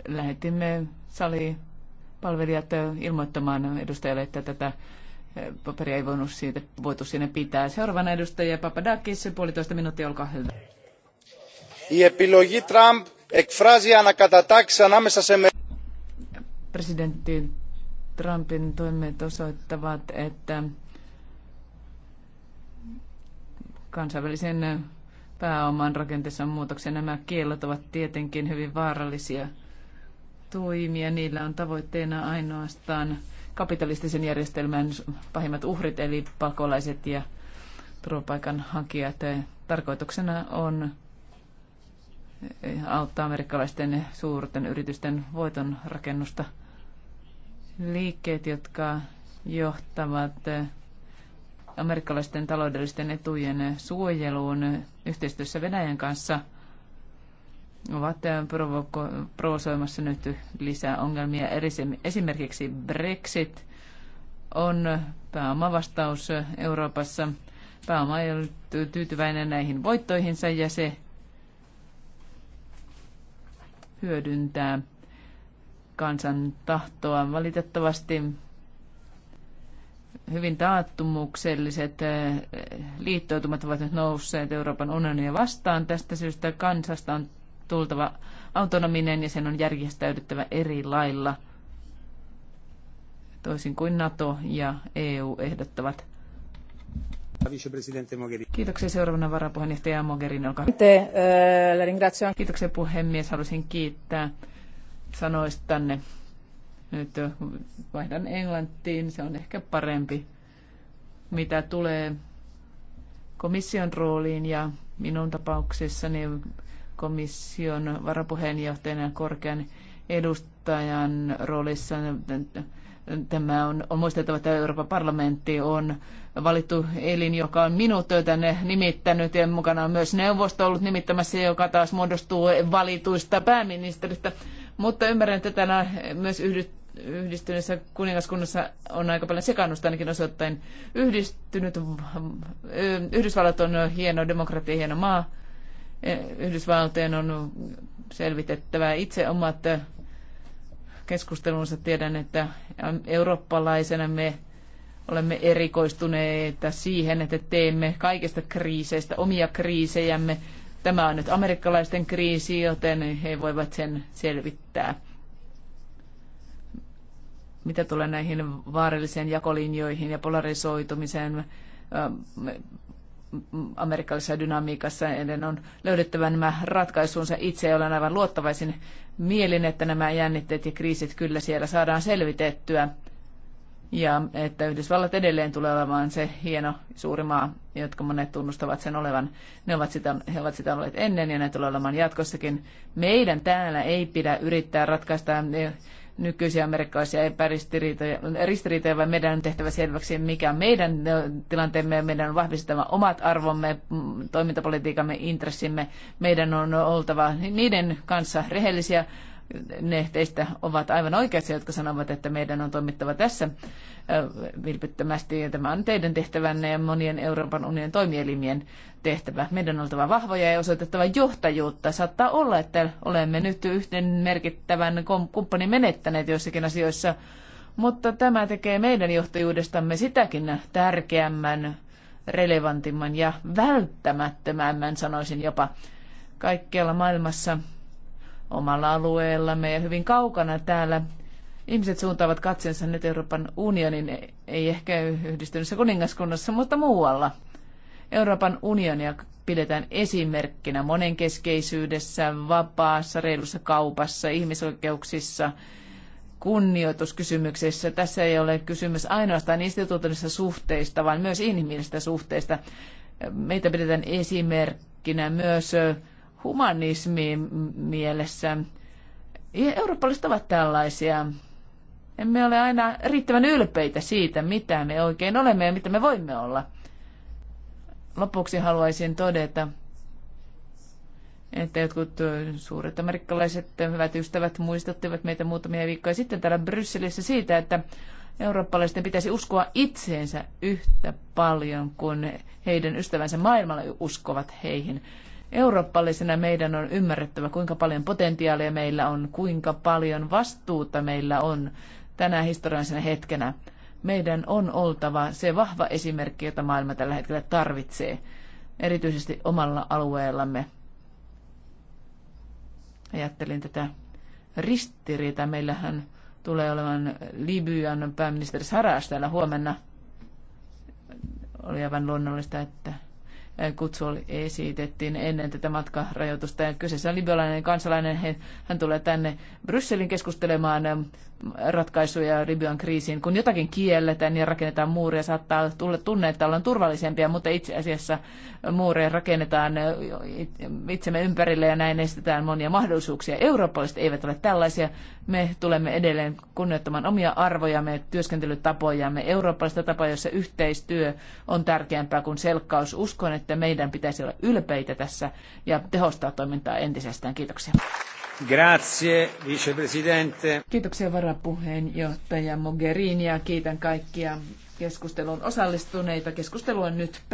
Lähetimme sali palvelijat ilmoittamaan edustajalle, että tätä paperia ei voinut siitä, voitu sinne pitää. Seuraavana edustaja Papadakis, puolitoista minuuttia, olkaa hyvä. Η επιλογή Τραμπ εκφράζει ανακατατάξει ανάμεσα σε... Presidentti Trumpin toimet osoittavat, että kansainvälisen pääoman rakenteessa on muutoksia. Nämä kiellot ovat tietenkin hyvin vaarallisia toimia. Niillä on tavoitteena ainoastaan kapitalistisen järjestelmän pahimmat uhrit, eli pakolaiset ja hankijat. Tarkoituksena on auttaa amerikkalaisten suurten yritysten voiton rakennusta. Liikkeet, jotka johtavat amerikkalaisten taloudellisten etujen suojeluun yhteistyössä Venäjän kanssa – ovat eh, provoko- provosoimassa nyt lisää ongelmia. Esimerkiksi Brexit on pääomavastaus Euroopassa. Pääoma ei ole tyytyväinen näihin voittoihinsa ja se hyödyntää kansan tahtoa. Valitettavasti hyvin taattumukselliset eh, liittoutumat ovat nyt nousseet Euroopan unionia vastaan. Tästä syystä kansasta on tultava autonominen ja sen on järjestäydyttävä eri lailla, toisin kuin NATO ja EU ehdottavat. Kiitoksia seuraavana varapuheenjohtaja Mogherin olkaa hyvä. Eh, Kiitoksia puhemies, haluaisin kiittää sanoistanne. Nyt eh, vaihdan englantiin, se on ehkä parempi. Mitä tulee komission rooliin ja minun tapauksessani komission varapuheenjohtajana korkean edustajan roolissa. Tämä on, on muistettava, että Euroopan parlamentti on valittu elin, joka on minut tänne nimittänyt ja mukana on myös neuvosto ollut nimittämässä, joka taas muodostuu valituista pääministeristä. Mutta ymmärrän, että tänään myös yhdistyneessä kuningaskunnassa on aika paljon sekannusta ainakin osoittain. Yhdistynyt, Yhdysvallat on hieno demokratia, hieno maa Yhdysvaltojen on selvitettävä itse omat keskustelunsa. Tiedän, että eurooppalaisena me olemme erikoistuneita siihen, että teemme kaikista kriiseistä omia kriisejämme. Tämä on nyt amerikkalaisten kriisi, joten he voivat sen selvittää. Mitä tulee näihin vaarallisiin jakolinjoihin ja polarisoitumiseen, amerikkalaisessa dynamiikassa. ennen on löydettävä nämä ratkaisuunsa. Itse olen aivan luottavaisin mielin, että nämä jännitteet ja kriisit kyllä siellä saadaan selvitettyä. Ja että Yhdysvallat edelleen tulee olemaan se hieno suuri maa, jotka monet tunnustavat sen olevan. Ne ovat sitä, he ovat sitä olleet ennen ja ne tulee olemaan jatkossakin. Meidän täällä ei pidä yrittää ratkaista nykyisiä amerikkalaisia epäristiriitoja, vaan meidän on tehtävä selväksi, mikä on meidän tilanteemme. Meidän on vahvistettava omat arvomme, mm, toimintapolitiikamme, intressimme. Meidän on oltava niiden kanssa rehellisiä ne teistä ovat aivan oikeassa, jotka sanovat, että meidän on toimittava tässä vilpittömästi. Ja tämä on teidän tehtävänne ja monien Euroopan unionin toimielimien tehtävä. Meidän on oltava vahvoja ja osoitettava johtajuutta. Saattaa olla, että olemme nyt yhden merkittävän kumppanin menettäneet joissakin asioissa, mutta tämä tekee meidän johtajuudestamme sitäkin tärkeämmän, relevantimman ja välttämättömämmän, sanoisin jopa, kaikkialla maailmassa – omalla alueellamme ja hyvin kaukana täällä. Ihmiset suuntaavat katseensa nyt Euroopan unionin, ei ehkä yhdistyneessä kuningaskunnassa, mutta muualla. Euroopan unionia pidetään esimerkkinä monenkeskeisyydessä, vapaassa, reilussa kaupassa, ihmisoikeuksissa, kunnioituskysymyksissä. Tässä ei ole kysymys ainoastaan instituutioista suhteista, vaan myös inhimillisistä suhteista. Meitä pidetään esimerkkinä myös humanismi mielessä. Eurooppalaiset ovat tällaisia. Emme ole aina riittävän ylpeitä siitä, mitä me oikein olemme ja mitä me voimme olla. Lopuksi haluaisin todeta, että jotkut suuret amerikkalaiset hyvät ystävät muistuttivat meitä muutamia viikkoja sitten täällä Brysselissä siitä, että eurooppalaisten pitäisi uskoa itseensä yhtä paljon kuin heidän ystävänsä maailmalla uskovat heihin. Eurooppalaisena meidän on ymmärrettävä, kuinka paljon potentiaalia meillä on, kuinka paljon vastuuta meillä on tänä historiallisena hetkenä. Meidän on oltava se vahva esimerkki, jota maailma tällä hetkellä tarvitsee, erityisesti omalla alueellamme. Ajattelin tätä ristiriitä. Meillähän tulee olemaan Libyan pääministeri Saras täällä huomenna. Oli aivan luonnollista, että kutsu esitettiin ennen tätä matkarajoitusta. Ja kyseessä on libyalainen kansalainen. Hän tulee tänne Brysselin keskustelemaan ähm, ratkaisuja Libyan kriisiin. Kun jotakin kielletään ja niin rakennetaan muuria, saattaa tulla tunne, että ollaan turvallisempia, mutta itse asiassa muureja rakennetaan äh, itsemme ympärille ja näin estetään monia mahdollisuuksia. Eurooppalaiset eivät ole tällaisia. Me tulemme edelleen kunnioittamaan omia arvojamme, työskentelytapojamme, eurooppalaista tapaa, jossa yhteistyö on tärkeämpää kuin selkkaus. Uskon, että että meidän pitäisi olla ylpeitä tässä ja tehostaa toimintaa entisestään. Kiitoksia. Grazie, vicepresidente. Kiitoksia varapuheenjohtaja Mogherini ja kiitän kaikkia keskustelun osallistuneita. Keskustelu on nyt